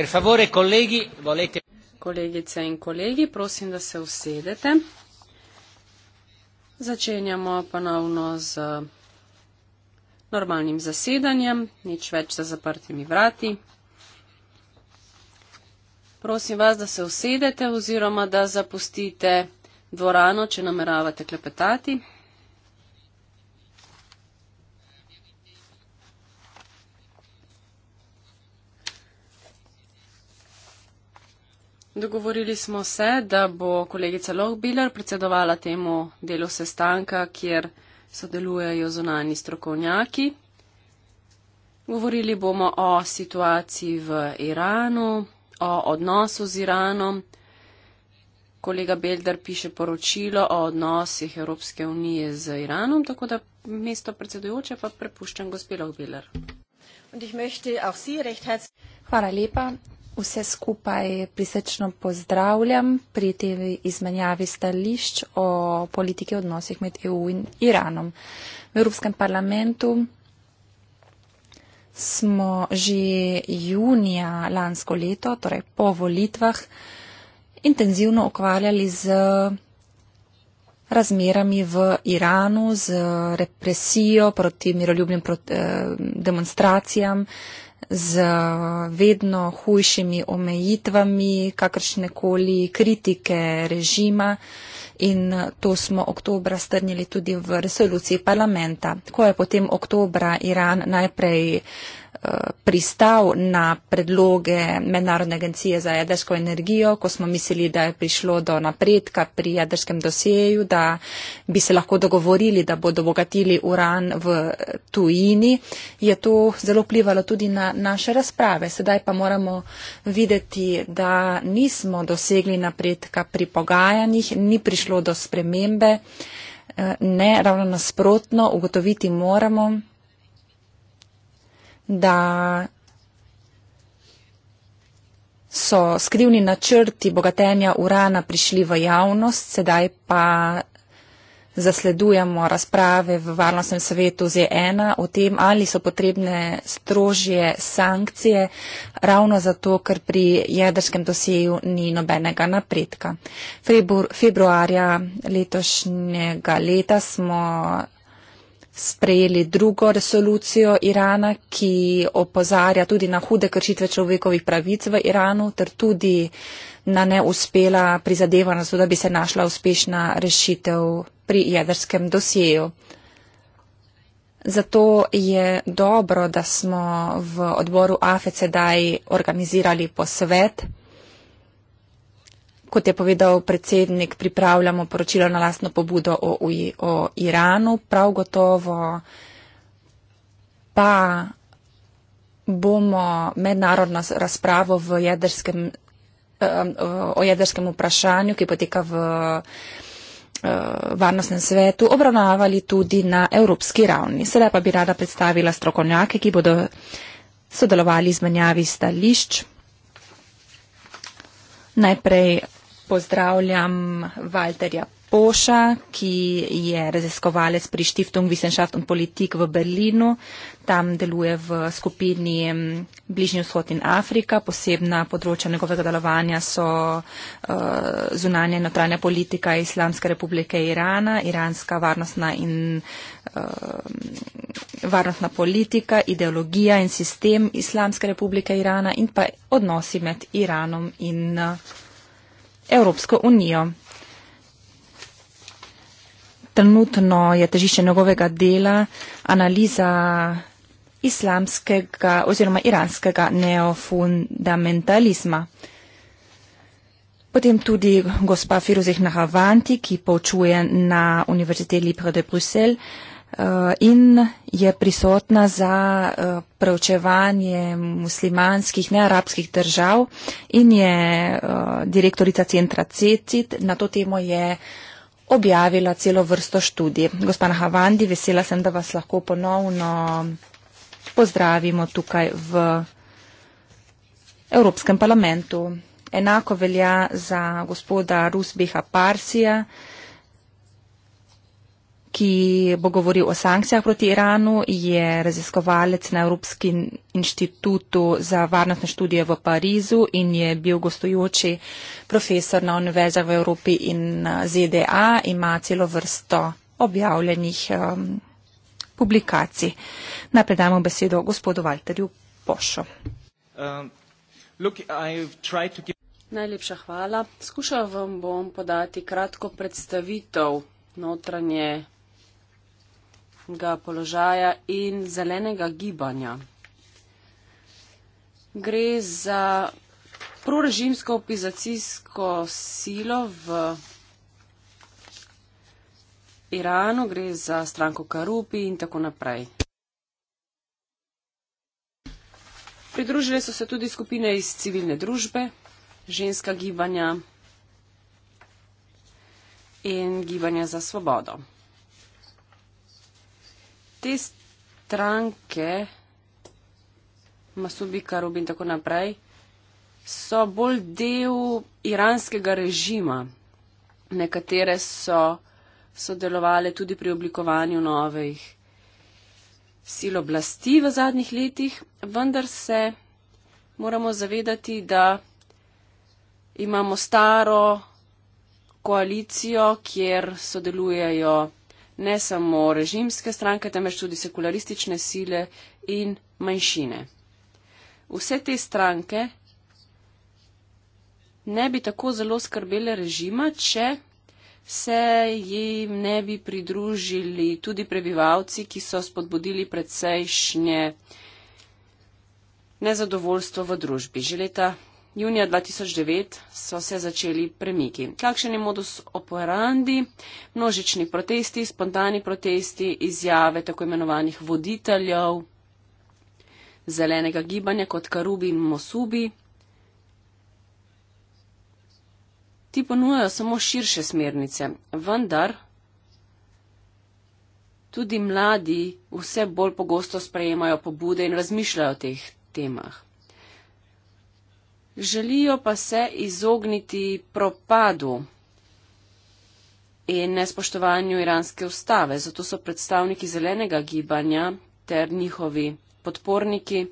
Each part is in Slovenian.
Per favore, colleghi, volete... Kolegice in kolegi, prosim, da se usedete. Začenjamo ponovno z normalnim zasedanjem, nič več za zaprtimi vrati. Prosim vas, da se usedete oziroma da zapustite dvorano, če nameravate klepetati. Dogovorili smo se, da bo kolegica Lohbiler predsedovala temu delu sestanka, kjer sodelujejo zunani strokovnjaki. Govorili bomo o situaciji v Iranu, o odnosu z Iranom. Kolega Belder piše poročilo o odnosih Evropske unije z Iranom, tako da mesto predsedujoče pa prepuščam gospelo Biller. Hvala lepa vse skupaj prisrčno pozdravljam pri tej izmenjavi stališč o politiki odnosih med EU in Iranom. V Evropskem parlamentu smo že junija lansko leto, torej po volitvah, intenzivno ukvarjali z razmerami v Iranu, z represijo proti miroljubnim eh, demonstracijam, z eh, vedno hujšimi omejitvami kakršne koli kritike režima in eh, to smo oktobra strnili tudi v resoluciji parlamenta, ko je potem oktobra Iran najprej uh, pristal na predloge Mednarodne agencije za jedrsko energijo, ko smo mislili, da je prišlo do napredka pri jedrskem dosjeju, da bi se lahko dogovorili, da bodo bogatili uran v tujini, je to zelo plivalo tudi na naše razprave. Sedaj pa moramo videti, da nismo dosegli napredka pri pogajanjih, ni prišlo do spremembe. Ne, ravno nasprotno, ugotoviti moramo, da so skrivni načrti bogatenja urana prišli v javnost, sedaj pa zasledujemo razprave v varnostnem svetu ZNA o tem, ali so potrebne strožje sankcije, ravno zato, ker pri jedrskem doseju ni nobenega napredka. Februarja letošnjega leta smo sprejeli drugo resolucijo Irana, ki opozarja tudi na hude kršitve človekovih pravic v Iranu, ter tudi na neuspela prizadevanost, da bi se našla uspešna rešitev pri jedrskem dosjeju. Zato je dobro, da smo v odboru AFE sedaj organizirali posvet kot je povedal predsednik, pripravljamo poročilo na lastno pobudo o, o Iranu. Prav gotovo pa bomo mednarodno razpravo v jedrskem, o jedrskem vprašanju, ki poteka v eh, varnostnem svetu, obravnavali tudi na evropski ravni. Sedaj pa bi rada predstavila strokovnjake, ki bodo sodelovali z menjavi stališč. Najprej pozdravljam Walterja Poša, ki je raziskovalec pri Stiftung Wissenschaft und Politik v Berlinu. Tam deluje v skupini mm, Bližnji vzhod in Afrika. Posebna področja njegovega delovanja so uh, zunanja in notranja politika Islamske republike Irana, iranska varnostna in. Uh, varnostna politika, ideologija in sistem Islamske republike Irana in pa odnosi med Iranom in. Uh, Evropsko unijo. Trenutno je težišče njegovega dela analiza islamskega oziroma iranskega neofundamentalizma. Potem tudi gospa Firuzih Nahavanti, ki poučuje na Univerziteti Libre de Bruxelles, Eh, in je prisotna za eh, preučevanje muslimanskih, nearabskih držav in je eh, direktorica centra CECIT. Na to temo je objavila celo vrsto študij. Gospana Havandi, vesela sem, da vas lahko ponovno pozdravimo tukaj v Evropskem parlamentu. Enako velja za gospoda Rusbiha Parsija ki bo govoril o sankcijah proti Iranu, je raziskovalec na Evropskem inštitutu za varnostne študije v Parizu in je bil gostujoči profesor na Univerzah v Evropi in ZDA, ima celo vrsto objavljenih um, publikacij. Najprej dajmo besedo gospodu Walterju Pošo. Um, Najlepša hvala. Skušal vam bom podati kratko predstavitev notranje ga položaja in zelenega gibanja. Gre za prorežimsko opizacijsko silo v Iranu, gre za stranko Karupi in tako naprej. Pridružile so se tudi skupine iz civilne družbe, ženska gibanja in gibanja za svobodo te stranke, Masubika, Rubi in tako naprej, so bolj del iranskega režima. Nekatere so sodelovali tudi pri oblikovanju novih sil oblasti v zadnjih letih, vendar se moramo zavedati, da imamo staro koalicijo, kjer sodelujejo ne samo režimske stranke, temveč tudi sekularistične sile in manjšine. Vse te stranke ne bi tako zelo skrbele režima, če se jim ne bi pridružili tudi prebivalci, ki so spodbudili precejšnje nezadovoljstvo v družbi. Že leta junija 2009 so se začeli premiki. Kakšen je modus operandi? Množični protesti, spontani protesti, izjave tako imenovanih voditeljev zelenega gibanja kot Karubi in Mosubi. Ti ponujajo samo širše smernice, vendar tudi mladi vse bolj pogosto sprejemajo pobude in razmišljajo o teh temah želijo pa se izogniti propadu in nespoštovanju iranske ustave. Zato so predstavniki zelenega gibanja ter njihovi podporniki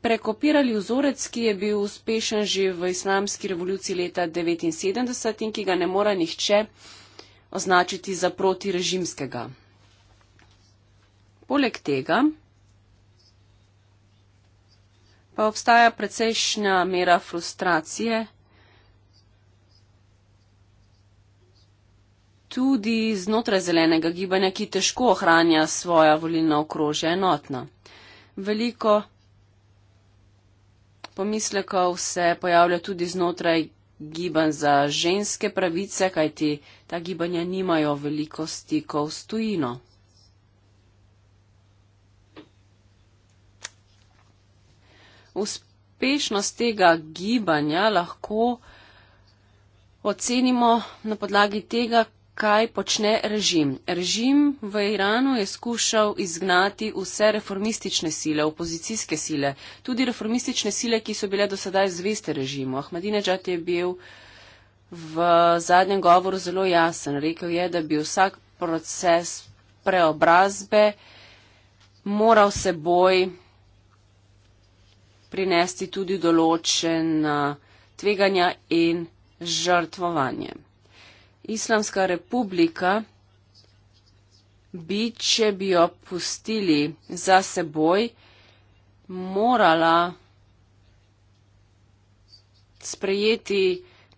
prekopirali vzorec, ki je bil uspešen že v islamski revoluciji leta 1979 in ki ga ne mora nihče označiti za protirežimskega. Poleg tega pa obstaja precejšnja mera frustracije. Tudi znotraj zelenega gibanja, ki težko ohranja svoja volilna okrožja enotna. Veliko pomislekov se pojavlja tudi znotraj gibanj za ženske pravice, kajti ta gibanja nimajo veliko stikov s tujino. uspešnost tega gibanja lahko ocenimo na podlagi tega, kaj počne režim. Režim v Iranu je skušal izgnati vse reformistične sile, opozicijske sile, tudi reformistične sile, ki so bile do sedaj zveste režimu. Ahmadinejad je bil v zadnjem govoru zelo jasen. Rekel je, da bi vsak proces preobrazbe moral seboj prinesti tudi določena tveganja in žrtvovanje. Islamska republika bi, če bi jo pustili za seboj, morala sprejeti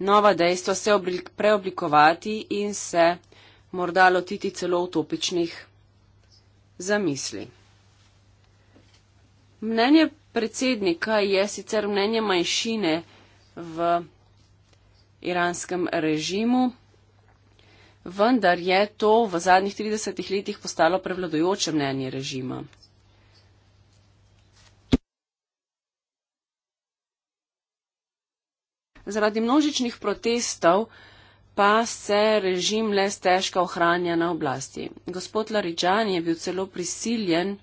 nova dejstva, se preoblikovati in se morda lotiti celo utopičnih zamisli. Mnenje predsednika je sicer mnenje manjšine v iranskem režimu, vendar je to v zadnjih 30 letih postalo prevladojoče mnenje režima. Zaradi množičnih protestov pa se režim le stežka ohranja na oblasti. Gospod Laridžan je bil celo prisiljen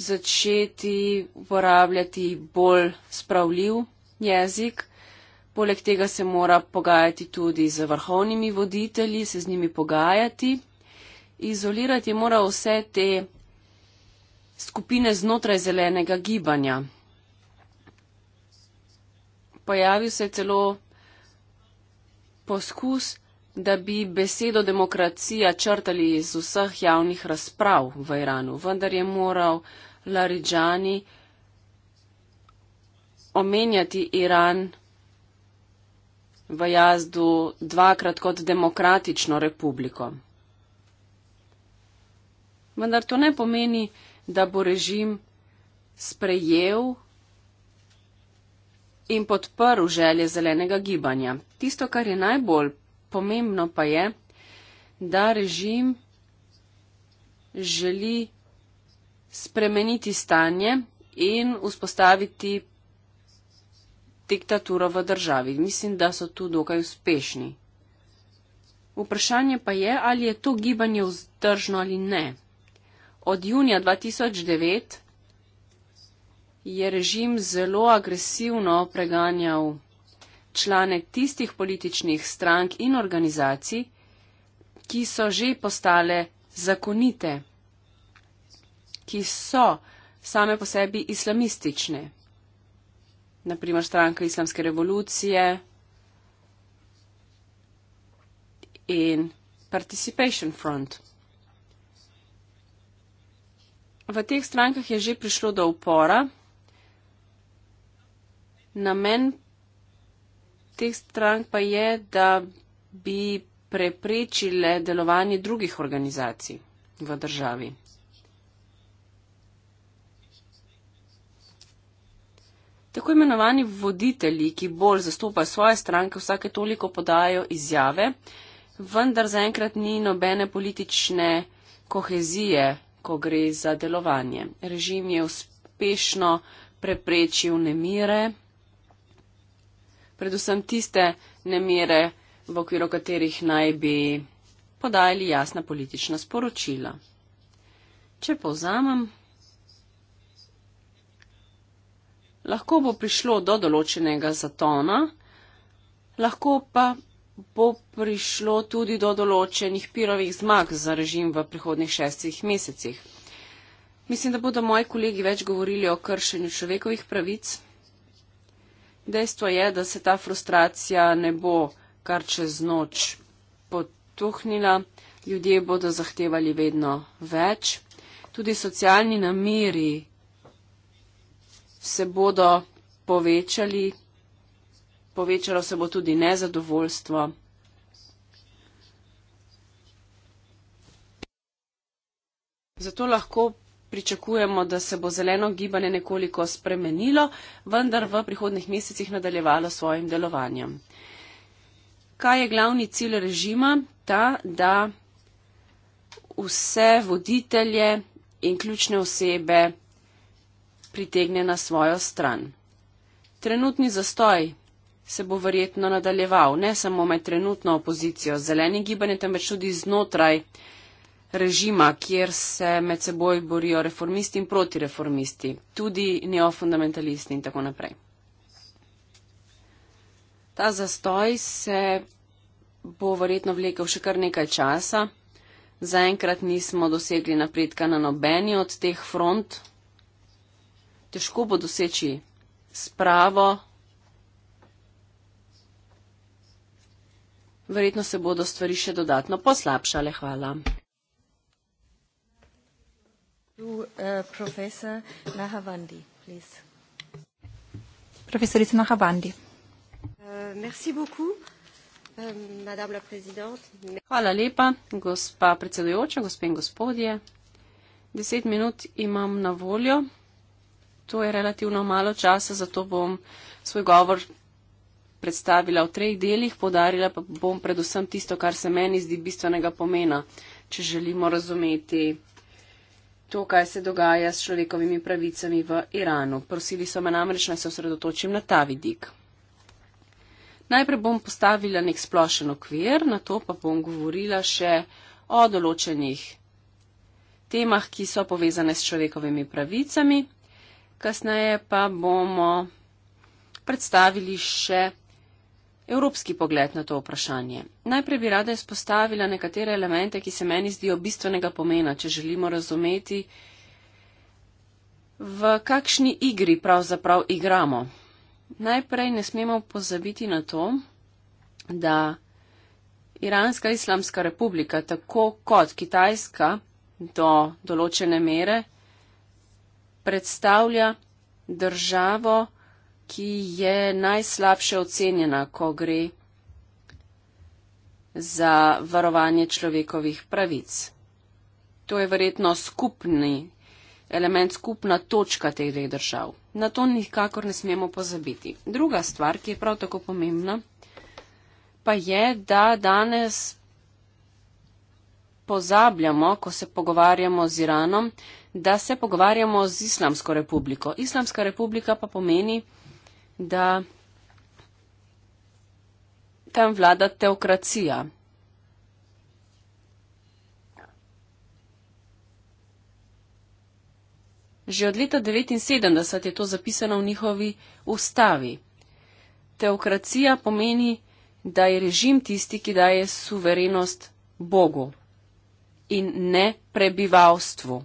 začeti uporabljati bolj spravljiv jezik. Poleg tega se mora pogajati tudi z vrhovnimi voditelji, se z njimi pogajati. Izolirati mora vse te skupine znotraj zelenega gibanja. Pojavil se je celo poskus, da bi besedo demokracija črtali iz vseh javnih razprav v Iranu, vendar je moral Laridžani omenjati Iran v jazdu dvakrat kot demokratično republiko. Vendar to ne pomeni, da bo režim sprejel in podprl želje zelenega gibanja. Tisto, kar je najbolj pomembno, pa je, da režim želi spremeniti stanje in vzpostaviti diktaturo v državi. Mislim, da so tu dokaj uspešni. Vprašanje pa je, ali je to gibanje vzdržno ali ne. Od junija 2009 je režim zelo agresivno preganjal člane tistih političnih strank in organizacij, ki so že postale zakonite ki so same po sebi islamistične. Naprimer stranka islamske revolucije in Participation Front. V teh strankah je že prišlo do upora. Namen teh strank pa je, da bi preprečile delovanje drugih organizacij v državi. Tako imenovani voditelji, ki bolj zastopajo svoje stranke, vsake toliko podajo izjave, vendar zaenkrat ni nobene politične kohezije, ko gre za delovanje. Režim je uspešno preprečil nemire, predvsem tiste nemire, v okviru katerih naj bi podajali jasna politična sporočila. Če povzamem. lahko bo prišlo do določenega zatona, lahko pa bo prišlo tudi do določenih pirovih zmag za režim v prihodnih šestih mesecih. Mislim, da bodo moji kolegi več govorili o kršenju človekovih pravic. Dejstvo je, da se ta frustracija ne bo kar čez noč potuhnila. Ljudje bodo zahtevali vedno več. Tudi socialni namiri se bodo povečali, povečalo se bo tudi nezadovoljstvo. Zato lahko pričakujemo, da se bo zeleno gibanje nekoliko spremenilo, vendar v prihodnih mesecih nadaljevalo svojim delovanjem. Kaj je glavni cilj režima? Ta, da vse voditelje in ključne osebe pritegne na svojo stran. Trenutni zastoj se bo verjetno nadaljeval ne samo med trenutno opozicijo zeleni gibanje, temveč tudi znotraj režima, kjer se med seboj borijo reformisti in protireformisti, tudi neofundamentalisti in tako naprej. Ta zastoj se bo verjetno vlekel še kar nekaj časa. Zaenkrat nismo dosegli napredka na nobeni od teh front, težko bo doseči spravo. Verjetno se bodo stvari še dodatno poslabšale. Hvala. Uh, Profesorica Nahavandi. Uh, um, Hvala lepa, gospa predsedujoča, gospe in gospodje. Deset minut imam na voljo to je relativno malo časa, zato bom svoj govor predstavila v treh delih, podarila pa bom predvsem tisto, kar se meni zdi bistvenega pomena, če želimo razumeti to, kaj se dogaja s človekovimi pravicami v Iranu. Prosili so me namreč, naj se osredotočim na ta vidik. Najprej bom postavila nek splošen okvir, na to pa bom govorila še o določenih temah, ki so povezane s človekovimi pravicami, kasneje pa bomo predstavili še evropski pogled na to vprašanje. Najprej bi rada izpostavila nekatere elemente, ki se meni zdijo bistvenega pomena, če želimo razumeti, v kakšni igri pravzaprav igramo. Najprej ne smemo pozabiti na to, da Iranska islamska republika, tako kot Kitajska, do določene mere, predstavlja državo, ki je najslabše ocenjena, ko gre za varovanje človekovih pravic. To je verjetno skupni element, skupna točka teh dveh držav. Na to nikakor ne smemo pozabiti. Druga stvar, ki je prav tako pomembna, pa je, da danes pozabljamo, ko se pogovarjamo z Iranom, da se pogovarjamo z Islamsko republiko. Islamska republika pa pomeni, da tam vlada teokracija. Že od leta 1979 je to zapisano v njihovi ustavi. Teokracija pomeni, da je režim tisti, ki daje suverenost Bogu in ne prebivalstvu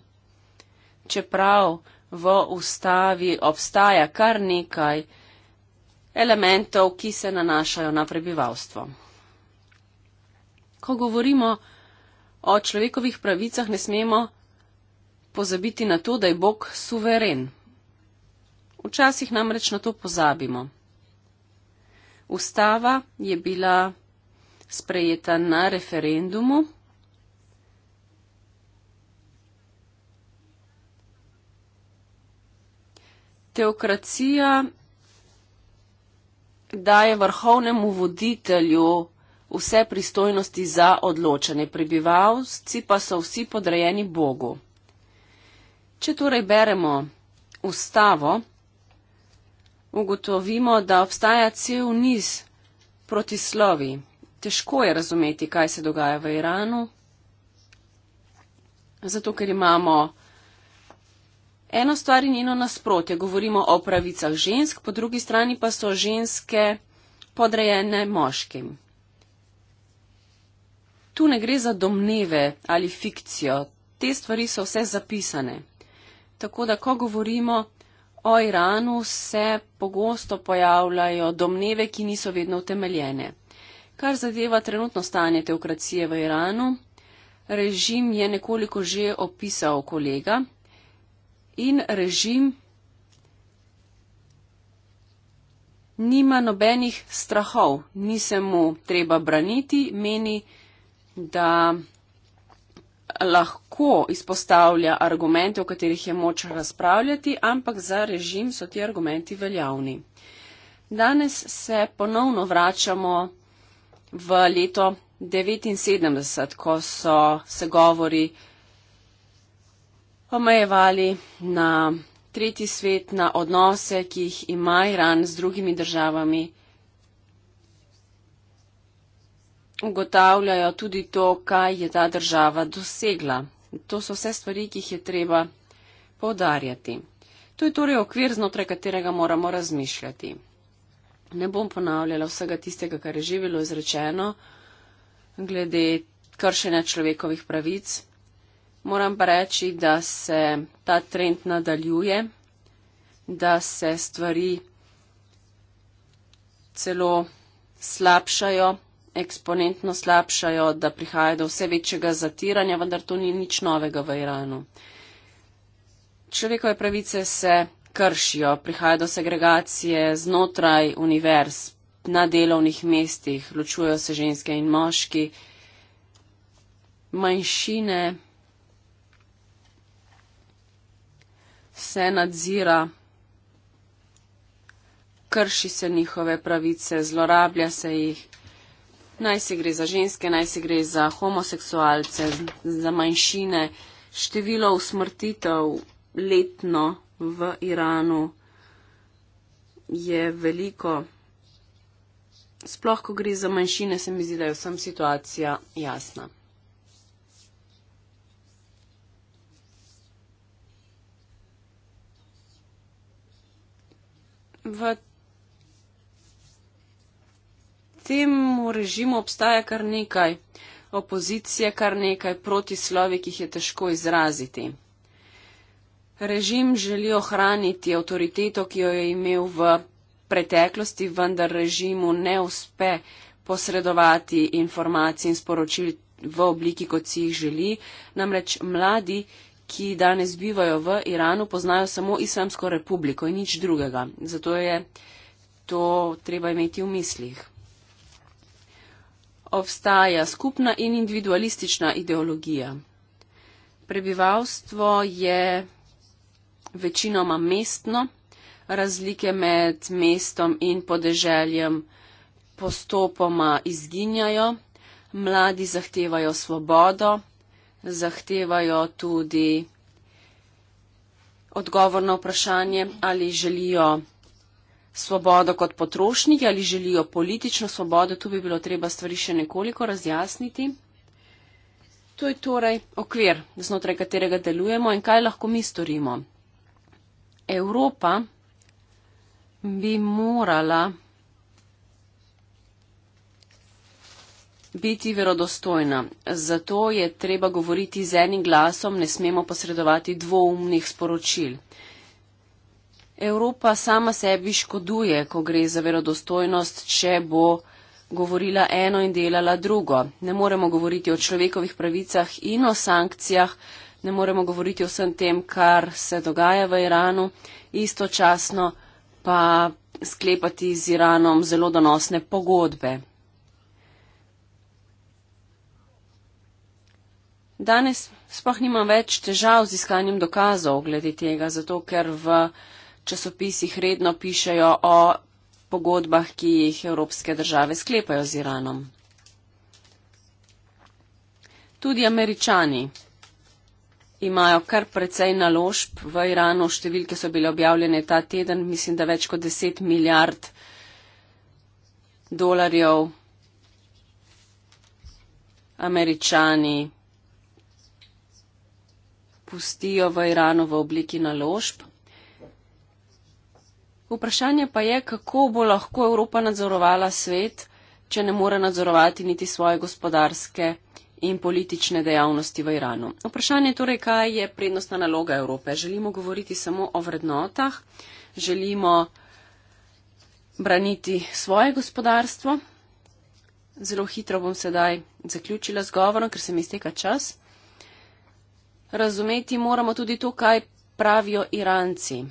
čeprav v ustavi obstaja kar nekaj elementov, ki se nanašajo na prebivalstvo. Ko govorimo o človekovih pravicah, ne smemo pozabiti na to, da je Bog suveren. Včasih namreč na to pozabimo. Ustava je bila sprejeta na referendumu teokracija daje vrhovnemu voditelju vse pristojnosti za odločanje, prebivalci pa so vsi podrejeni Bogu. Če torej beremo ustavo, ugotovimo, da obstaja cel niz protislovi. Težko je razumeti, kaj se dogaja v Iranu, zato ker imamo Eno stvar je njeno nasprotje, govorimo o pravicah žensk, po drugi strani pa so ženske podrejene moškim. Tu ne gre za domneve ali fikcijo, te stvari so vse zapisane. Tako da, ko govorimo o Iranu, se pogosto pojavljajo domneve, ki niso vedno utemeljene. Kar zadeva trenutno stanje teokracije v Iranu, režim je nekoliko že opisal kolega in režim nima nobenih strahov, ni se mu treba braniti, meni, da lahko izpostavlja argumente, o katerih je moč razpravljati, ampak za režim so ti argumenti veljavni. Danes se ponovno vračamo v leto 1979, ko so se govori omejevali na tretji svet, na odnose, ki jih ima Iran z drugimi državami. Ugotavljajo tudi to, kaj je ta država dosegla. To so vse stvari, ki jih je treba povdarjati. To je torej okvir, znotraj katerega moramo razmišljati. Ne bom ponavljala vsega tistega, kar je že bilo izrečeno glede kršenja človekovih pravic. Moram pa reči, da se ta trend nadaljuje, da se stvari celo slabšajo, eksponentno slabšajo, da prihaja do vse večjega zatiranja, vendar to ni nič novega v Iranu. Človekove pravice se kršijo, prihaja do segregacije znotraj univerz, na delovnih mestih, ločujejo se ženske in moški, manjšine, vse nadzira, krši se njihove pravice, zlorablja se jih. Naj se gre za ženske, naj se gre za homoseksualce, za manjšine. Število usmrtitev letno v Iranu je veliko. Sploh, ko gre za manjšine, se mi zdi, da je vsem situacija jasna. v tem režimu obstaja kar nekaj opozicije, kar nekaj protislovi, ki jih je težko izraziti. Režim želi ohraniti avtoriteto, ki jo je imel v preteklosti, vendar režimu ne uspe posredovati informacij in sporočil v obliki, kot si jih želi. Namreč mladi, ki danes bivajo v Iranu, poznajo samo Islamsko republiko in nič drugega. Zato je to treba imeti v mislih. Obstaja skupna in individualistična ideologija. Prebivalstvo je večinoma mestno, razlike med mestom in podeželjem postopoma izginjajo, mladi zahtevajo svobodo, zahtevajo tudi odgovor na vprašanje, ali želijo svobodo kot potrošniki, ali želijo politično svobodo. Tu bi bilo treba stvari še nekoliko razjasniti. To je torej okvir, znotraj katerega delujemo in kaj lahko mi storimo. Evropa bi morala biti verodostojna. Zato je treba govoriti z enim glasom, ne smemo posredovati dvoumnih sporočil. Evropa sama sebi škoduje, ko gre za verodostojnost, če bo govorila eno in delala drugo. Ne moremo govoriti o človekovih pravicah in o sankcijah, ne moremo govoriti o vsem tem, kar se dogaja v Iranu, istočasno pa sklepati z Iranom zelo donosne pogodbe. Danes sploh nimam več težav z iskanjem dokazov glede tega, zato ker v časopisih redno pišejo o pogodbah, ki jih evropske države sklepajo z Iranom. Tudi američani imajo kar precej naložb v Iranu, številke so bile objavljene ta teden, mislim, da več kot 10 milijard dolarjev američani pustijo v Iranu v obliki naložb. Vprašanje pa je, kako bo lahko Evropa nadzorovala svet, če ne more nadzorovati niti svoje gospodarske in politične dejavnosti v Iranu. Vprašanje je torej, kaj je prednostna naloga Evrope. Želimo govoriti samo o vrednotah, želimo braniti svoje gospodarstvo. Zelo hitro bom sedaj zaključila z govorom, ker se mi izteka čas razumeti moramo tudi to, kaj pravijo Iranci.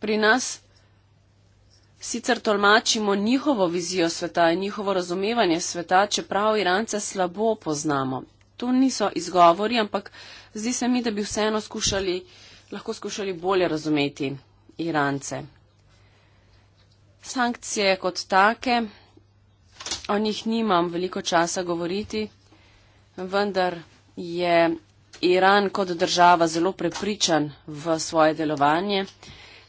Pri nas sicer tolmačimo njihovo vizijo sveta in njihovo razumevanje sveta, čeprav Irance slabo poznamo. To niso izgovori, ampak zdi se mi, da bi vseeno skušali, lahko skušali bolje razumeti Irance. Sankcije kot take, o njih nimam veliko časa govoriti, vendar je Iran kot država zelo prepričan v svoje delovanje.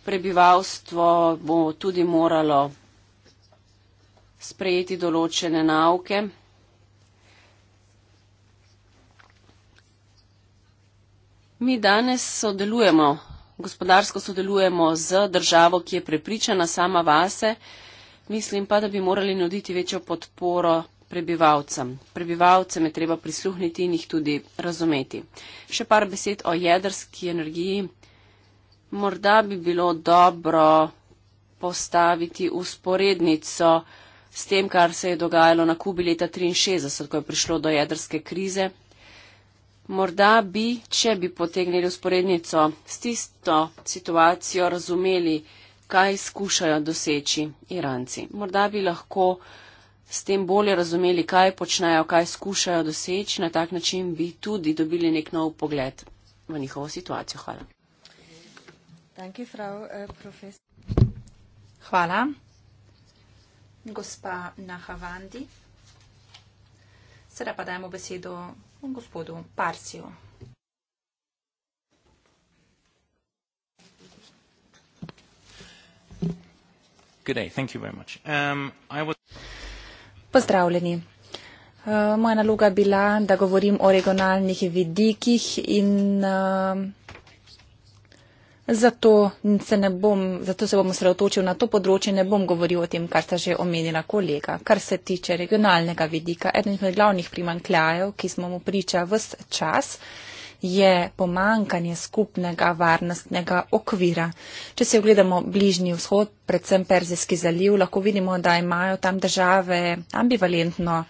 Prebivalstvo bo tudi moralo sprejeti določene nauke. Mi danes sodelujemo, gospodarsko sodelujemo z državo, ki je prepričana sama vase. Mislim pa, da bi morali nuditi večjo podporo prebivalcem. Prebivalcem je treba prisluhniti in jih tudi razumeti. Še par besed o jedrski energiji. Morda bi bilo dobro postaviti usporednico s tem, kar se je dogajalo na Kubi leta 1963, ko je prišlo do jedrske krize. Morda bi, če bi potegnili usporednico s tisto situacijo, razumeli, kaj skušajo doseči Iranci. Morda bi lahko uh, s tem bolje razumeli, kaj počnejo, kaj skušajo doseči, na tak način bi tudi dobili nek nov pogled v njihovo situacijo. Hvala. Eh, Hvala. Gospa Nahavandi. Sedaj pa dajemo besedo gospodu Parsiju. Good day. Thank you very much. Um, I was... Pozdravljeni. Eh, moja naloga je bila, da govorim o regionalnih vidikih in eh, zato se, bom, zato se bom sredotočil na to področje, ne bom govoril o tem, kar sta že omenila kolega. Kar se tiče regionalnega vidika, eden od glavnih primankljajev, ki smo mu priča vse čas, je pomankanje skupnega varnostnega okvira. Če se ogledamo bližnji vzhod, predvsem Perzijski zaliv, lahko vidimo, da imajo tam države ambivalentno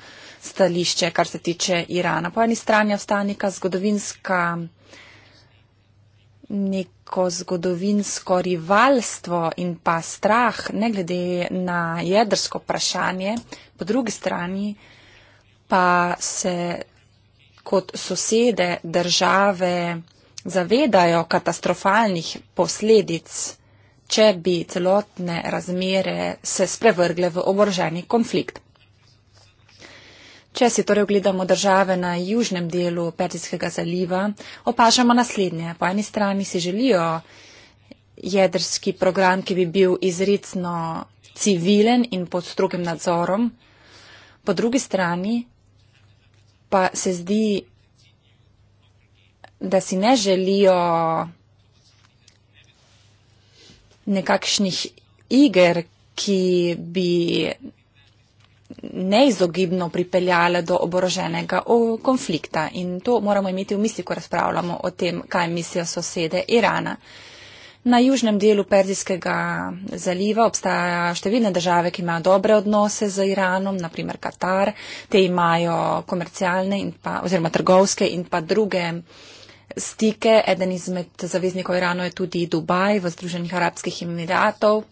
stališče, kar se tiče Irana. Po eni strani je vstanika zgodovinska neko zgodovinsko rivalstvo in pa strah, ne glede na jedrsko vprašanje, po drugi strani pa se kot sosede države zavedajo katastrofalnih posledic, če bi celotne razmere se sprevrgle v oboroženi konflikt. Če si torej ogledamo države na južnem delu Persijskega zaliva, opažamo naslednje. Po eni strani si želijo jedrski program, ki bi bil izredno civilen in pod strogim nadzorom. Po drugi strani pa se zdi, da si ne želijo nekakšnih iger, ki bi neizogibno pripeljale do oboroženega konflikta. In to moramo imeti v misli, ko razpravljamo o tem, kaj mislijo sosede Irana. Na južnem delu Perzijskega zaliva obstaja številne države, ki imajo dobre odnose z Iranom, naprimer Katar. Te imajo komercialne pa, oziroma trgovske in pa druge stike. Eden izmed zaveznikov Irano je tudi Dubaj v Združenih arabskih emiratov.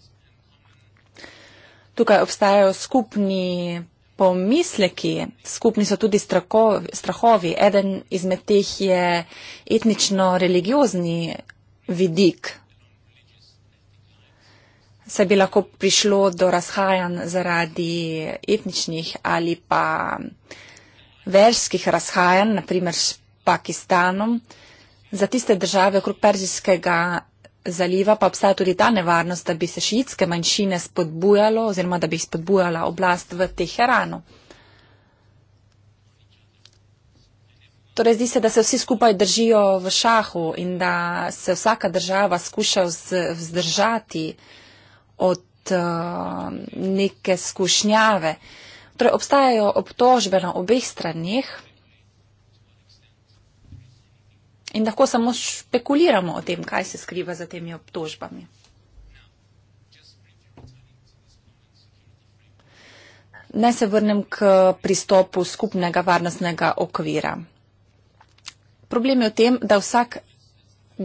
Tukaj obstajajo skupni pomisleki, skupni so tudi strahovi. strahovi. Eden izmed teh je etnično-religiozni vidik saj bi lahko prišlo do razhajanj zaradi etničnih ali pa verskih razhajanj, naprimer s Pakistanom. Za tiste države okrog Perzijskega zaliva pa obstaja tudi ta nevarnost, da bi se šiitske manjšine spodbujalo oziroma da bi jih spodbujala oblast v Teheranu. Torej zdi se, da se vsi skupaj držijo v šahu in da se vsaka država skuša vzdržati od eh, neke skušnjave. Torej, obstajajo obtožbe na obeh stranih in lahko samo špekuliramo o tem, kaj se skriva za temi obtožbami. Naj se vrnem k pristopu skupnega varnostnega okvira. Problem je v tem, da vsak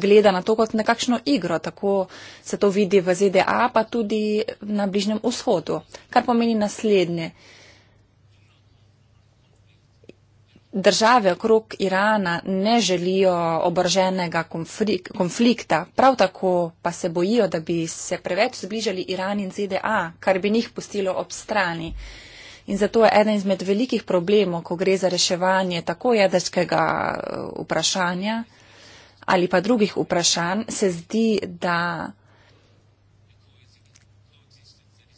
gleda na to kot nekakšno igro, tako se to vidi v ZDA, pa tudi na Bližnjem vzhodu, kar pomeni naslednje. Države okrog Irana ne želijo oboroženega konflikta, prav tako pa se bojijo, da bi se preveč zbližali Iran in ZDA, kar bi njih pustilo ob strani. In zato je eden izmed velikih problemov, ko gre za reševanje tako jedrskega uh, vprašanja, ali pa drugih vprašanj, se zdi, da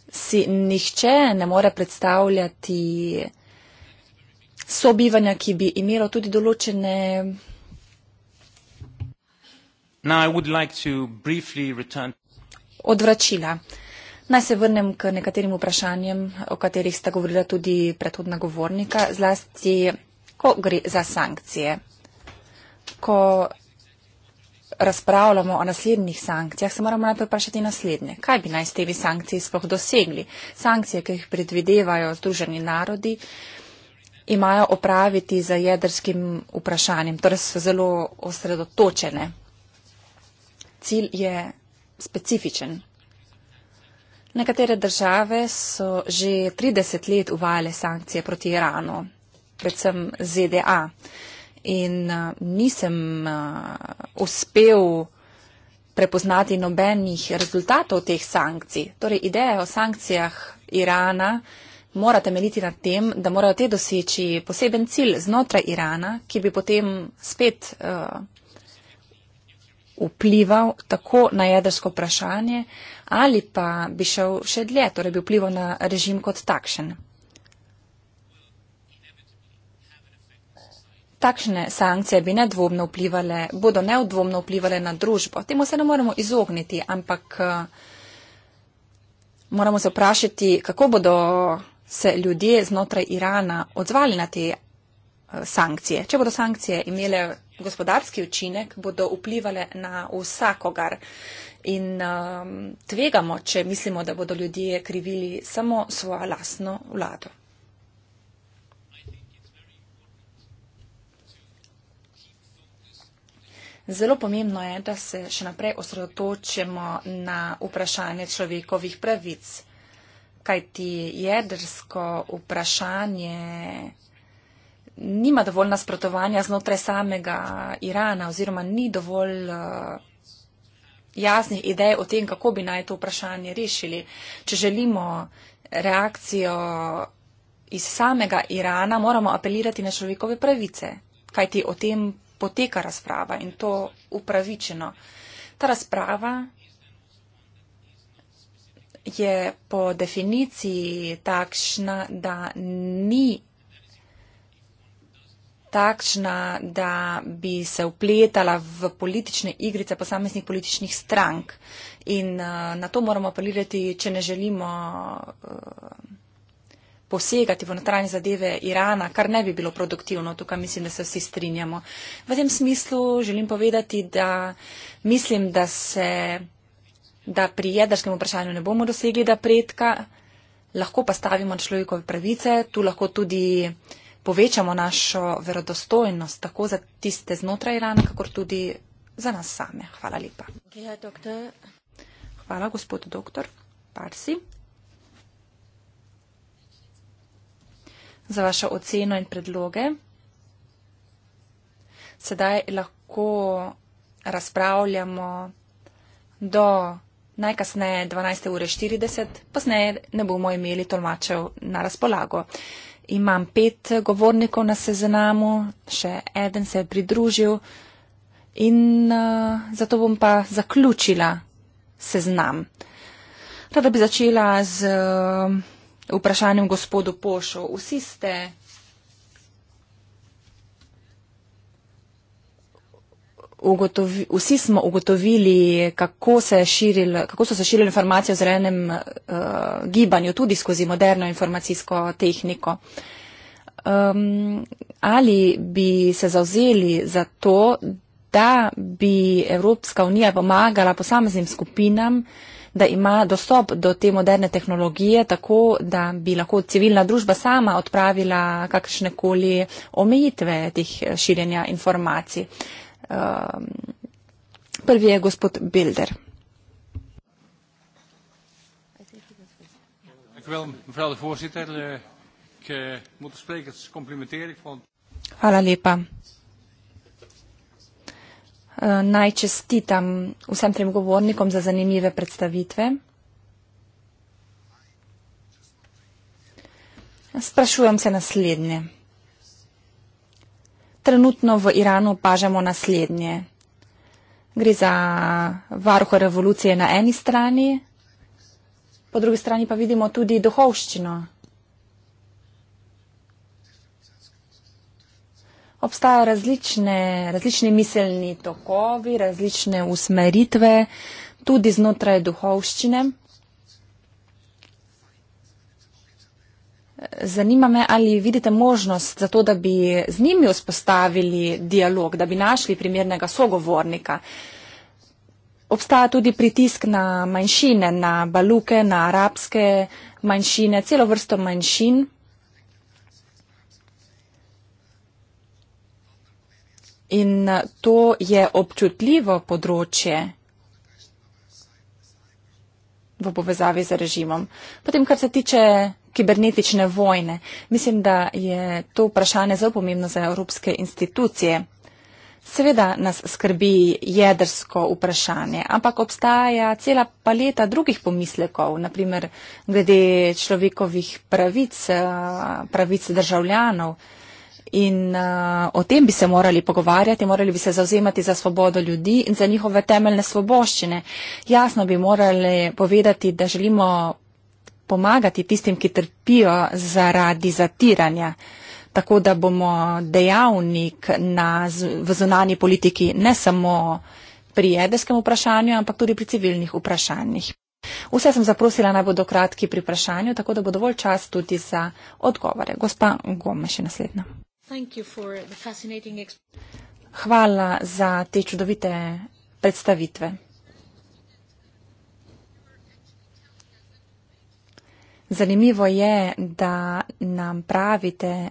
si nihče ne more predstavljati sobivanja, ki bi imelo tudi določene. Odvračila. Naj se vrnem k nekaterim vprašanjem, o katerih sta govorila tudi predhodna govornika, zlasti, ko gre za sankcije. Ko razpravljamo o naslednjih sankcijah, se moramo najprej vprašati naslednje. Kaj bi naj s temi sankcijami sploh dosegli? Sankcije, ki jih predvidevajo Združeni narodi, imajo opraviti za jedrskim vprašanjem, torej so zelo osredotočene. Cilj je specifičen. Nekatere države so že 30 let uvajale sankcije proti Iranu, predvsem ZDA in uh, nisem uh, uspel prepoznati nobenih rezultatov teh sankcij. Torej, ideja o sankcijah Irana mora temeljiti na tem, da morajo te doseči poseben cilj znotraj Irana, ki bi potem spet uh, vplival tako na jedrsko vprašanje ali pa bi šel še dlje, torej bi vplival na režim kot takšen. Takšne sankcije bi nedvomno vplivale, bodo neodvomno vplivale na družbo. Temu se ne moremo izogniti, ampak eh, moramo se vprašati, kako bodo se ljudje znotraj Irana odzvali na te eh, sankcije. Če bodo sankcije imele gospodarski učinek, bodo vplivale na vsakogar. In eh, tvegamo, če mislimo, da bodo ljudje krivili samo svojo lasno vlado. Zelo pomembno je, da se še naprej osredotočimo na vprašanje človekovih pravic, kajti jedrsko vprašanje nima dovolj nasprotovanja znotraj samega Irana oziroma ni dovolj eh, jasnih idej o tem, kako bi naj to vprašanje rešili. Če želimo reakcijo iz samega Irana, moramo apelirati na človekove pravice, kajti o tem poteka razprava in to upravičeno. Ta razprava je po definiciji takšna, da ni takšna, da bi se upletala v politične igrice posameznih političnih strank. In uh, na to moramo apelirati, če ne želimo. Uh, posegati v notranje zadeve Irana, kar ne bi bilo produktivno, tukaj mislim, da se vsi strinjamo. V tem smislu želim povedati, da mislim, da se da pri jedrskem vprašanju ne bomo dosegli napredka, lahko pa stavimo človekove pravice, tu lahko tudi povečamo našo verodostojnost, tako za tiste znotraj Irana, kakor tudi za nas same. Hvala lepa. Hvala, gospod doktor Parsi. za vašo oceno in predloge. Sedaj lahko razpravljamo do najkasneje 12.40, posneje ne bomo imeli tolmačev na razpolago. Imam pet govornikov na seznamu, še eden se je pridružil in uh, zato bom pa zaključila seznam. Rada bi začela z. Uh, vprašanjem gospodu Pošo. Vsi ste Vsi smo ugotovili, kako, širil, kako so se širile informacije o zelenem uh, gibanju, tudi skozi moderno informacijsko tehniko. Um, ali bi se zauzeli za to, da bi Evropska unija pomagala posameznim skupinam uh, da ima dostop do te moderne tehnologije, tako da bi lahko civilna družba sama odpravila kakršnekoli omejitve teh širjenja informacij. Ehm, prvi je gospod Bilder. Eh, eh, Hvala lepa. Eh, naj čestitam vsem trem govornikom za zanimive predstavitve. Sprašujem se naslednje. Trenutno v Iranu opažamo naslednje. Gre za varuha revolucije na eni strani, po drugi strani pa vidimo tudi duhovščino. obstajajo različne, različni miselni tokovi, različne usmeritve, tudi znotraj duhovščine. Zanima me, ali vidite možnost za to, da bi z njimi vzpostavili dialog, da bi našli primernega sogovornika. Obstaja tudi pritisk na manjšine, na baluke, na arabske manjšine, celo vrsto manjšin. In eh, to je občutljivo področje v povezavi z režimom. Potem, kar se tiče kibernetične vojne, mislim, da je to vprašanje zelo pomembno za evropske institucije. Seveda nas skrbi jedrsko vprašanje, ampak obstaja cela paleta drugih pomislekov, naprimer glede človekovih pravic, eh, pravic državljanov. In uh, o tem bi se morali pogovarjati, morali bi se zauzemati za svobodo ljudi in za njihove temeljne svoboščine. Jasno bi morali povedati, da želimo pomagati tistim, ki trpijo zaradi zatiranja, tako da bomo dejavnik na, v zunani politiki ne samo pri jedrskem vprašanju, ampak tudi pri civilnih vprašanjih. Vse sem zaprosila naj bodo kratki pri vprašanju, tako da bo dovolj čas tudi za odgovore. Gospa Gome, še naslednja. Hvala za te čudovite predstavitve. Zanimivo je, da nam pravite,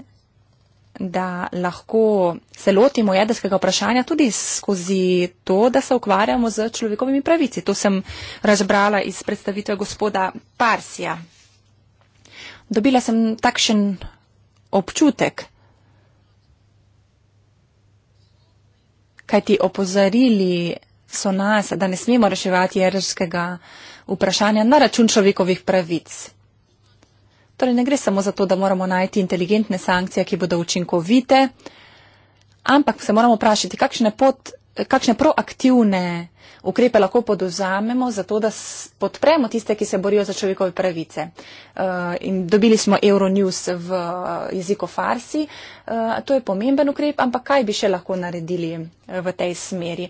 da lahko se lotimo jedrskega vprašanja tudi skozi to, da se ukvarjamo z človekovimi pravici. To sem razbrala iz predstavitve gospoda Parsija. Dobila sem takšen občutek, kajti opozarili so nas, da ne smemo reševati jerskega vprašanja na račun človekovih pravic. Torej ne gre samo za to, da moramo najti inteligentne sankcije, ki bodo učinkovite, ampak se moramo vprašati, kakšne pot kakšne proaktivne ukrepe lahko podozamemo, zato da podpremo tiste, ki se borijo za človekove pravice. Uh, dobili smo Euronews v uh, jeziku Farsi, uh, to je pomemben ukrep, ampak kaj bi še lahko naredili uh, v tej smeri?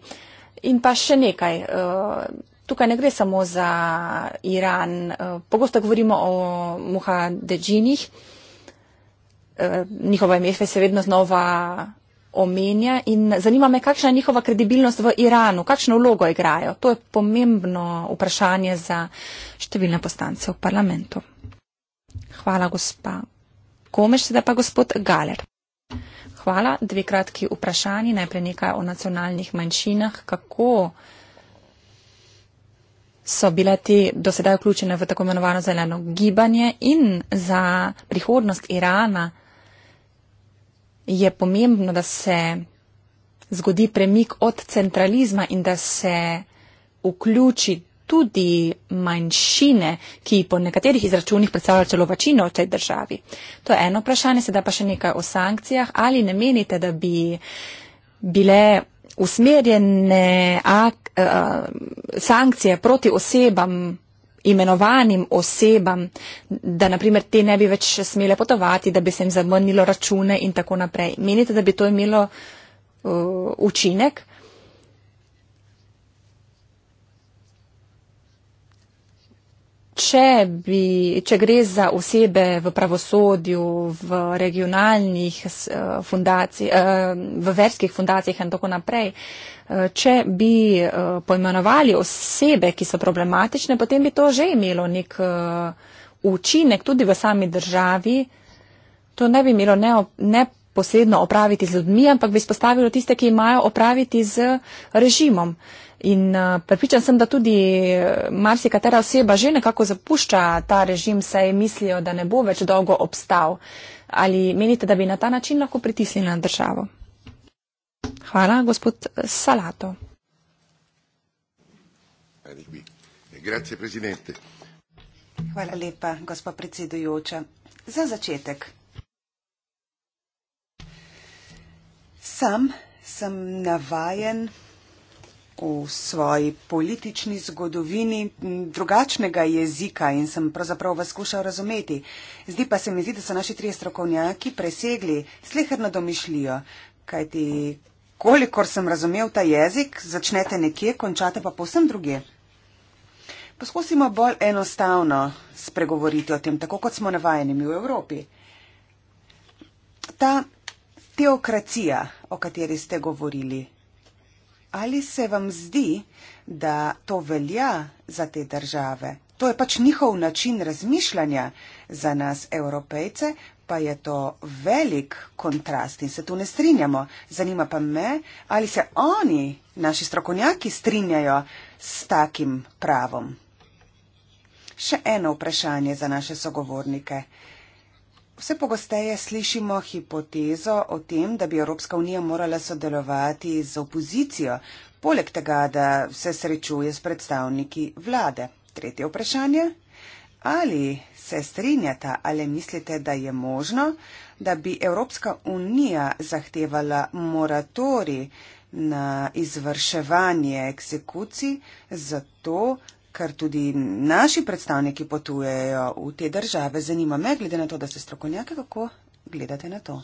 In pa še nekaj. Uh, Tukaj ne gre samo za Iran. Uh, pogosto govorimo o muha deđinih. Njihovo ime je še vedno znova omenja in zanima me, kakšna je njihova kredibilnost v Iranu, kakšno vlogo igrajo. To je pomembno vprašanje za številne postance v parlamentu. Hvala, gospa Gomeš, sedaj pa gospod Galer. Hvala. Dve kratki vprašanji. Najprej nekaj o nacionalnih manjšinah. Kako so bile te dosedaj vključene v tako imenovano zeleno gibanje in za prihodnost Irana? je pomembno, da se zgodi premik od centralizma in da se vključi tudi manjšine, ki po nekaterih izračunih predstavljajo celo večino v tej državi. To je eno vprašanje, sedaj pa še nekaj o sankcijah. Ali ne menite, da bi bile usmerjene ak, uh, sankcije proti osebam, imenovanim osebam, da naprimer te ne bi več smele potovati, da bi se jim zamrnilo račune in tako naprej. Menite, da bi to imelo uh, učinek? če, bi, če gre za osebe v pravosodju, v regionalnih eh, fundacijah, eh, v verskih fundacijah in tako naprej, eh, če bi poimenovali osebe, ki so problematične, potem bi to že imelo nek učinek tudi v sami državi. To ne bi imelo neposredno opraviti z ljudmi, ampak bi spostavilo tiste, ki imajo opraviti z režimom. In eh, pripričan sem, da tudi eh, marsikatera oseba že nekako zapušča ta režim, saj mislijo, da ne bo več dolgo obstal. Ali menite, da bi na ta način lahko pritisli na državo? Hvala, gospod eh, Salato. Hvala lepa, gospod predsedujoča. Za začetek. Sam sem navajen v svoji politični zgodovini drugačnega jezika in sem pravzaprav vas skušal razumeti. Zdi pa se mi zdi, da so naši trije strokovnjaki presegli sliherno domišljijo, kajti kolikor sem razumel ta jezik, začnete nekje, končate pa povsem druge. Poskusimo bolj enostavno spregovoriti o tem, tako kot smo navajeni v Evropi. Ta teokracija, o kateri ste govorili, Ali se vam zdi, da to velja za te države? To je pač njihov način razmišljanja za nas, evropejce, pa je to velik kontrast in se tu ne strinjamo. Zanima pa me, ali se oni, naši strokovnjaki, strinjajo s takim pravom. Še eno vprašanje za naše sogovornike. Vse pogosteje slišimo hipotezo o tem, da bi Evropska unija morala sodelovati z opozicijo, poleg tega, da se srečuje s predstavniki vlade. Tretje vprašanje. Ali se strinjata ali mislite, da je možno, da bi Evropska unija zahtevala moratori na izvrševanje eksekucij, zato ker tudi naši predstavniki potujejo v te države. Zanima me, glede na to, da ste strokovnjaki, kako gledate na to.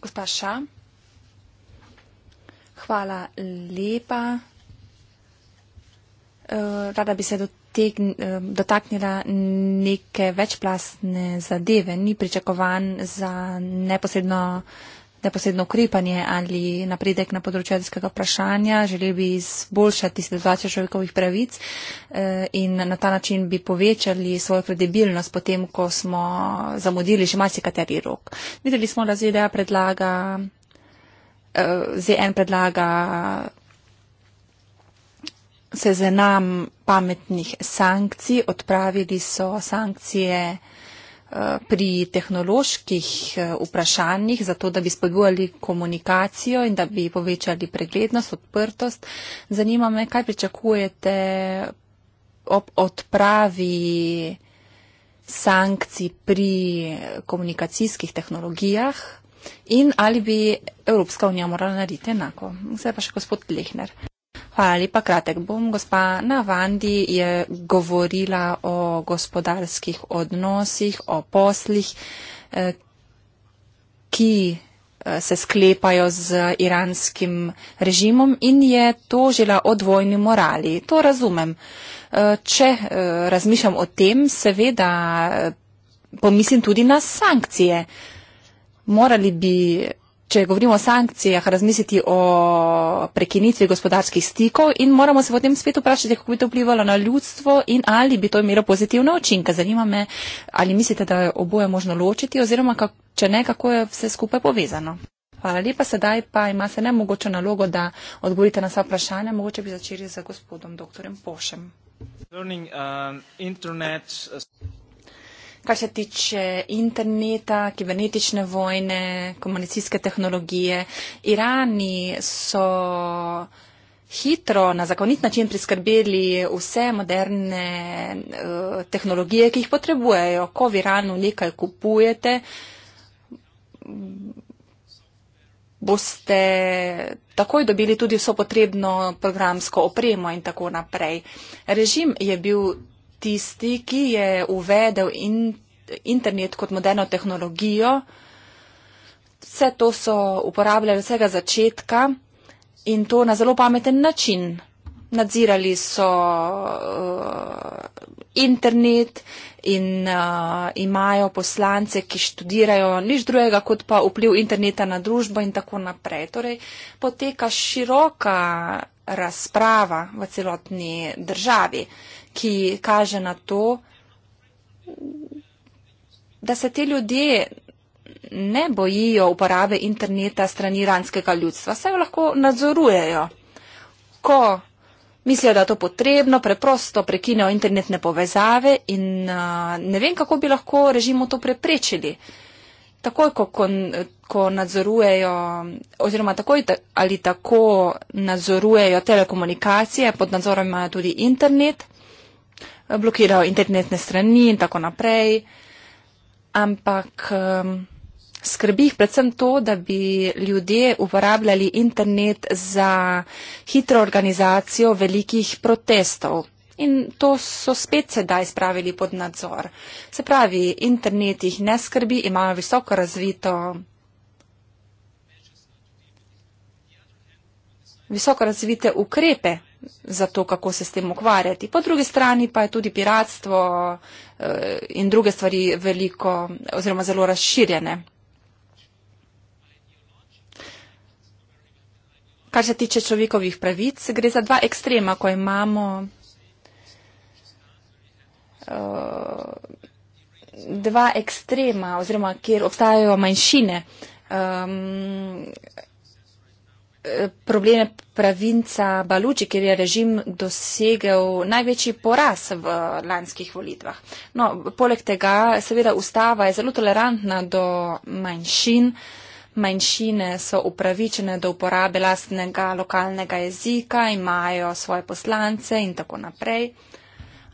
Gospa Ša. Hvala lepa. Eh, rada bi se eh, dotaknila neke večplastne zadeve. Ni pričakovan za neposredno neposredno ukrepanje ali napredek na področju jedrskega vprašanja, želeli bi izboljšati situacijo človekovih pravic eh, in na ta način bi povečali svojo kredibilnost, potem ko smo zamudili že marsikateri rok. Videli smo, da ZDA predlaga, eh, ZN predlaga se z nam pametnih sankcij, odpravili so sankcije Eh, pri tehnoloških eh, vprašanjih, zato da bi spodbujali komunikacijo in da bi povečali preglednost, odprtost. Zanima me, kaj pričakujete ob odpravi sankcij pri komunikacijskih tehnologijah in ali bi Evropska unija morala narediti enako. Zdaj pa še gospod Lehner. Hvala lepa, kratek bom. Gospa Navandi je govorila o gospodarskih odnosih, o poslih, eh, ki eh, se sklepajo z iranskim režimom in je tožila o dvojni morali. To razumem. Eh, če razmišljam o tem, seveda pomislim tudi na sankcije. Morali bi če govorimo o sankcijah, razmisliti o prekinitvi gospodarskih stikov in moramo se v tem svetu vprašati, kako bi to vplivalo na ljudstvo in ali bi to imelo pozitivne učinke. Zanima me, ali mislite, da je oboje možno ločiti oziroma, če ne, kako je vse skupaj povezano. Hvala lepa, sedaj pa ima se nemogoče nalogo, da odgovorite na sva vprašanja. Mogoče bi začeli z gospodom dr. Pošem. Learning, uh, internet, uh kar se tiče interneta, kibernetične vojne, komunicijske tehnologije. Irani so hitro na zakonit način priskrbeli vse moderne uh, tehnologije, ki jih potrebujejo. Ko v Iranu nekaj kupujete, boste takoj dobili tudi vso potrebno programsko opremo in tako naprej. Režim je bil tisti, ki je uvedel in, internet kot moderno tehnologijo. Vse to so uporabljali vsega začetka in to na zelo pameten način. Nadzirali so uh, internet in uh, imajo poslance, ki študirajo nič drugega kot pa vpliv interneta na družbo in tako naprej. Torej, poteka široka razprava v celotni državi ki kaže na to, da se te ljudje ne bojijo uporabe interneta strani iranskega ljudstva, saj jo lahko nadzorujejo. Ko mislijo, da je to potrebno, preprosto prekinejo internetne povezave in uh, ne vem, kako bi lahko režimu to preprečili. Takoj, ko, ko, ko nadzorujejo, oziroma takoj ta, ali tako nadzorujejo telekomunikacije, pod nadzorom imajo tudi internet blokirajo internetne strani in tako naprej. Ampak um, skrbi jih predvsem to, da bi ljudje uporabljali internet za hitro organizacijo velikih protestov. In to so spet sedaj spravili pod nadzor. Se pravi, internet jih ne skrbi, imajo visoko razvito. Visoko razvite ukrepe za to, kako se s tem ukvarjati. Po drugi strani pa je tudi piratstvo eh, in druge stvari veliko oziroma zelo razširjene. Kar se tiče človekovih pravic, gre za dva ekstrema, ko imamo eh, dva ekstrema oziroma kjer obstajajo manjšine. Ehm, probleme pravinca Baluči, kjer je režim dosegel največji poraz v lanskih volitvah. No, poleg tega, seveda, ustava je zelo tolerantna do manjšin. Manjšine so upravičene do uporabe lastnega lokalnega jezika, imajo svoje poslance in tako naprej.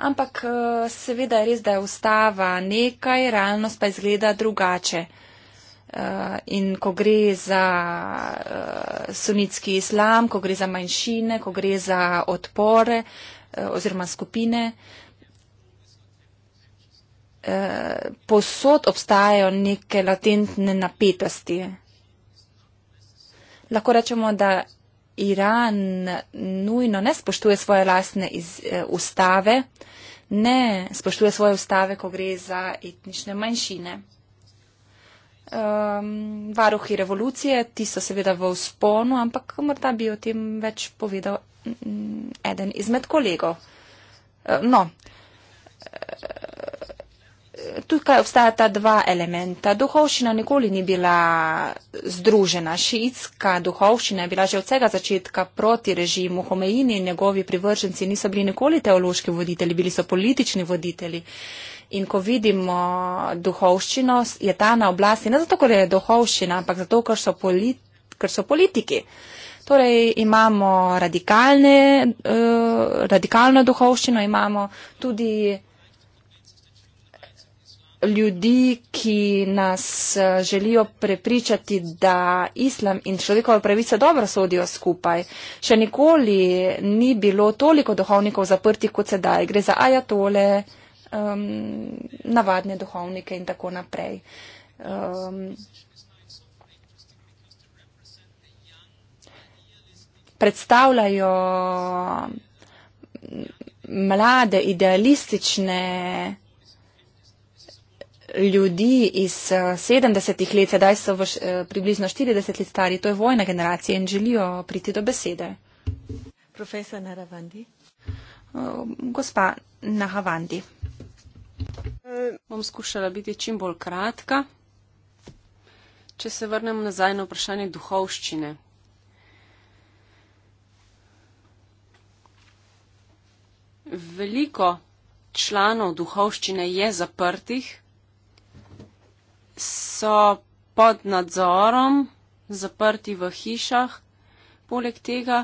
Ampak eh, seveda je res, da je ustava nekaj, realnost pa izgleda drugače. Uh, Eh, in ko gre za eh, sunitski islam, ko gre za manjšine, ko gre za odpore eh, oziroma skupine, posod obstajajo neke latentne napetosti. Lahko rečemo, da Iran nujno ne spoštuje svoje lastne iz, eh, ustave, ne spoštuje svoje ustave, ko gre za etnične manjšine um, varuhi revolucije, ti so seveda v usponu, ampak morda bi o tem več povedal mm, mm, eden izmed kolegov. E, no, e, tukaj obstajata dva elementa. Duhovščina nikoli ni bila združena. Šiitska duhovščina je bila že od vsega začetka proti režimu. Homejini in njegovi privrženci niso bili nikoli teološki voditelji, bili so politični voditelji. Uh, In ko vidimo duhovščino, je ta na oblasti ne zato, ker je duhovščina, ampak zato, ker so, politi ker so politiki. Torej imamo radikalne, uh, radikalno duhovščino, imamo tudi ljudi, ki nas eh, želijo prepričati, da islam in človekove pravice dobro sodijo skupaj. Še nikoli ni bilo toliko duhovnikov zaprtih kot sedaj. Gre za ajatole, uh, um, navadne duhovnike in tako naprej. Um, predstavljajo mlade, idealistične ljudi iz 70-ih eh, let, sedaj so v, eh, približno 40 let stari, to je vojna generacija in želijo priti do besede. Profesor Naravandi. Eh, gospa Nahavandi. Bom skušala biti čim bolj kratka. Če se vrnem nazaj na vprašanje duhovščine. Veliko članov duhovščine je zaprtih, so pod nadzorom, zaprti v hišah, poleg tega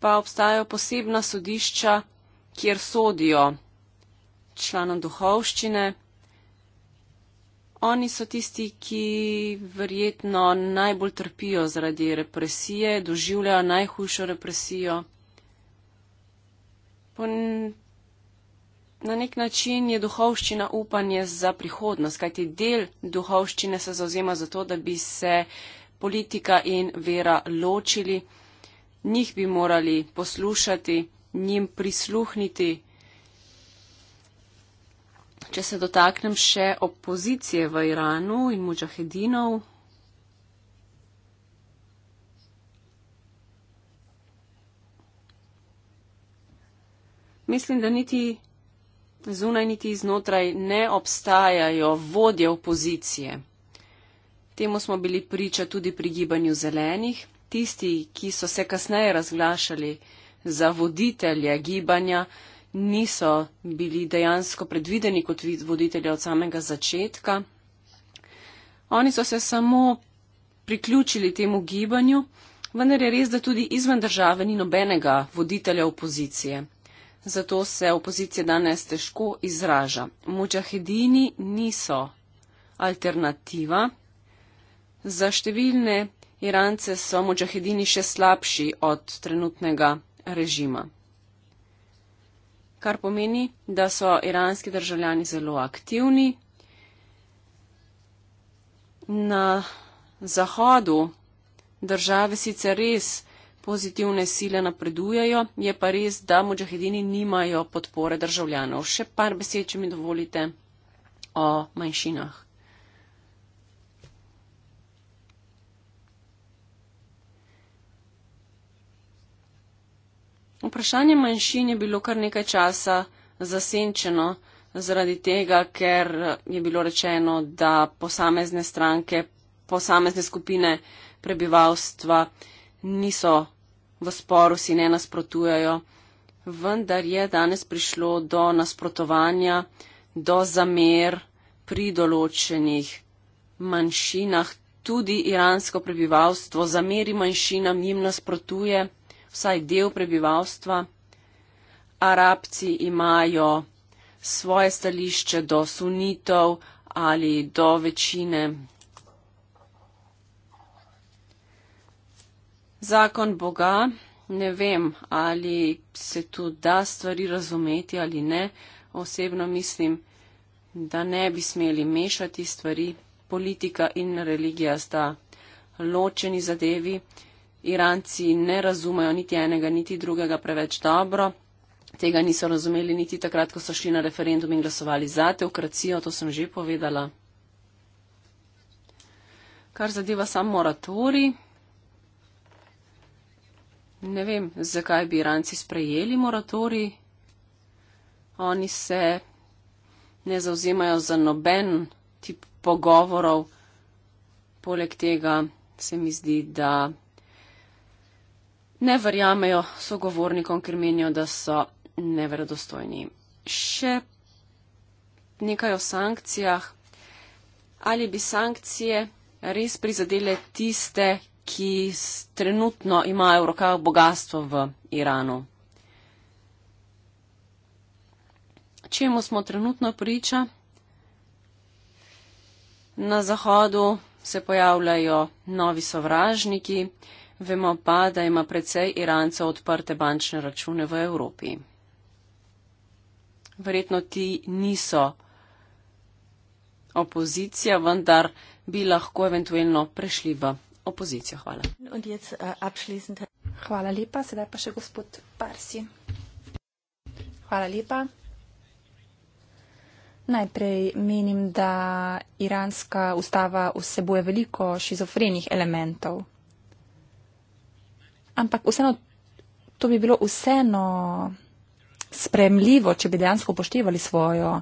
pa obstajajo posebna sodišča, kjer sodijo članom duhovščine. Oni so tisti, ki verjetno najbolj trpijo zaradi represije, doživljajo najhujšo represijo. Na nek način je duhovščina upanje za prihodnost, kajti del duhovščine se zauzema za to, da bi se politika in vera ločili, njih bi morali poslušati, njim prisluhniti, Če se dotaknem še opozicije v Iranu in mujahedinov. Mislim, da niti zunaj, niti iznotraj ne obstajajo vodje opozicije. Temu smo bili priča tudi pri gibanju zelenih. Tisti, ki so se kasneje razglašali za voditelje gibanja, niso bili dejansko predvideni kot voditelja od samega začetka. Oni so se samo priključili temu gibanju, vendar je res, da tudi izven države ni nobenega voditelja opozicije. Zato se opozicija danes težko izraža. Mujahedini niso alternativa. Za številne Irance so mujahedini še slabši od trenutnega režima kar pomeni, da so iranski državljani zelo aktivni. Na zahodu države sicer res pozitivne sile napredujejo, je pa res, da mujahedini nimajo podpore državljanov. Še par besed, če mi dovolite, o manjšinah. Vprašanje manjšin je bilo kar nekaj časa zasenčeno zaradi tega, ker je bilo rečeno, da posamezne stranke, posamezne skupine prebivalstva niso v sporu, si ne nasprotujajo. Vendar je danes prišlo do nasprotovanja, do zamer pri določenih manjšinah. Tudi iransko prebivalstvo zameri manjšinam, jim nasprotuje vsaj del prebivalstva. Arabci imajo svoje stališče do sunitov ali do večine. Zakon Boga, ne vem, ali se tu da stvari razumeti ali ne, osebno mislim, da ne bi smeli mešati stvari. Politika in religija sta ločeni zadevi. Iranci ne razumejo niti enega, niti drugega preveč dobro. Tega niso razumeli niti takrat, ko so šli na referendum in glasovali za teokracijo, to sem že povedala. Kar zadeva sam moratori, ne vem, zakaj bi Iranci sprejeli moratori. Oni se ne zauzemajo za noben tip pogovorov. Poleg tega se mi zdi, da ne verjamejo sogovornikom, ker menijo, da so neverodostojni. Še nekaj o sankcijah. Ali bi sankcije res prizadele tiste, ki trenutno imajo v rokah bogatstvo v Iranu? Čemu smo trenutno priča? Na Zahodu se pojavljajo novi sovražniki, Vemo pa, da ima precej Irancev odprte bančne račune v Evropi. Verjetno ti niso opozicija, vendar bi lahko eventualno prešli v opozicijo. Hvala. Äh, Hvala lepa. Sedaj pa še gospod Parsi. Hvala lepa. Najprej menim, da iranska ustava vsebuje veliko šizofrenih elementov ampak vseeno, to bi bilo vseeno spremljivo, če bi dejansko upoštevali svojo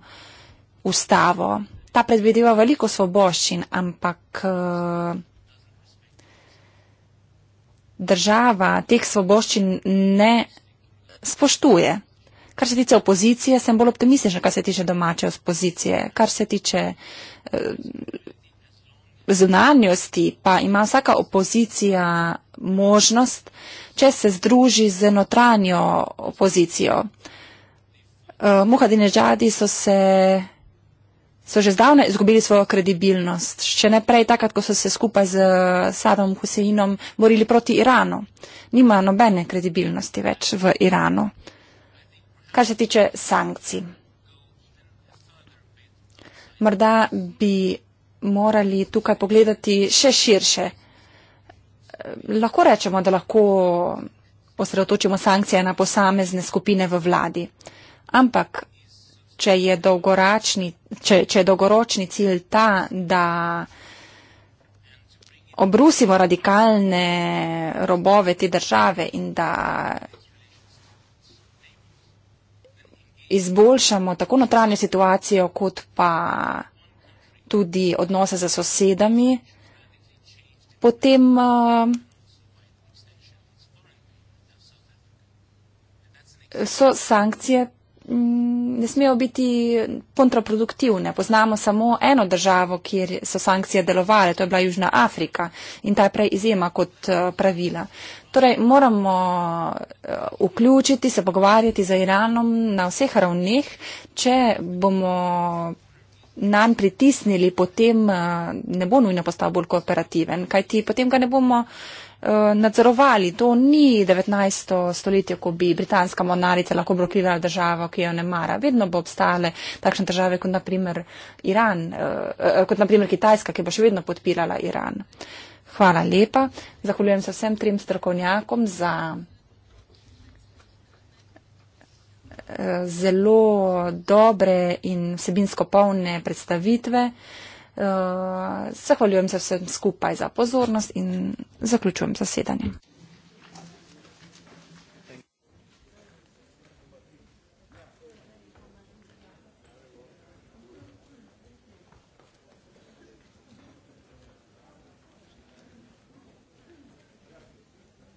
ustavo. Ta predvideva veliko svoboščin, ampak eh, država teh svoboščin ne spoštuje. Kar se tiče opozicije, sem bolj optimističen, kar se tiče domače opozicije, kar se tiče eh, znanosti pa ima vsaka opozicija možnost, če se združi z notranjo opozicijo. Uh, eh, Muhadine Džadi so se so že zdavne izgubili svojo kredibilnost. Še ne prej takrat, ko so se skupaj z Sadom Huseinom borili proti Iranu. Nima nobene kredibilnosti več v Iranu. Kar se tiče sankcij. Morda bi morali tukaj pogledati še širše. Lahko rečemo, da lahko osredotočimo sankcije na posamezne skupine v vladi. Ampak, če je, če, če je dolgoročni cilj ta, da obrusimo radikalne robove te države in da izboljšamo tako notranjo situacijo, kot pa tudi odnose z sosedami, potem uh, so sankcije, mm, ne smejo biti kontraproduktivne. Poznamo samo eno državo, kjer so sankcije delovale, to je bila Južna Afrika in ta je prej izjema kot uh, pravila. Torej moramo uh, vključiti, se pogovarjati z Iranom na vseh ravneh, če bomo nanj pritisnili, potem eh, ne bo nujno postal bolj kooperativen, kajti potem ga ne bomo eh, nadzorovali. To ni 19. stoletje, ko bi britanska monarica lahko blokirala državo, ki jo ne mara. Vedno bo obstale takšne države kot naprimer Iran, eh, kot naprimer Kitajska, ki bo še vedno podpirala Iran. Hvala lepa. Zahvaljujem se vsem trim strokovnjakom za. zelo dobre in vsebinsko polne predstavitve. Eh, zahvaljujem se vsem skupaj za pozornost in zaključujem zasedanje.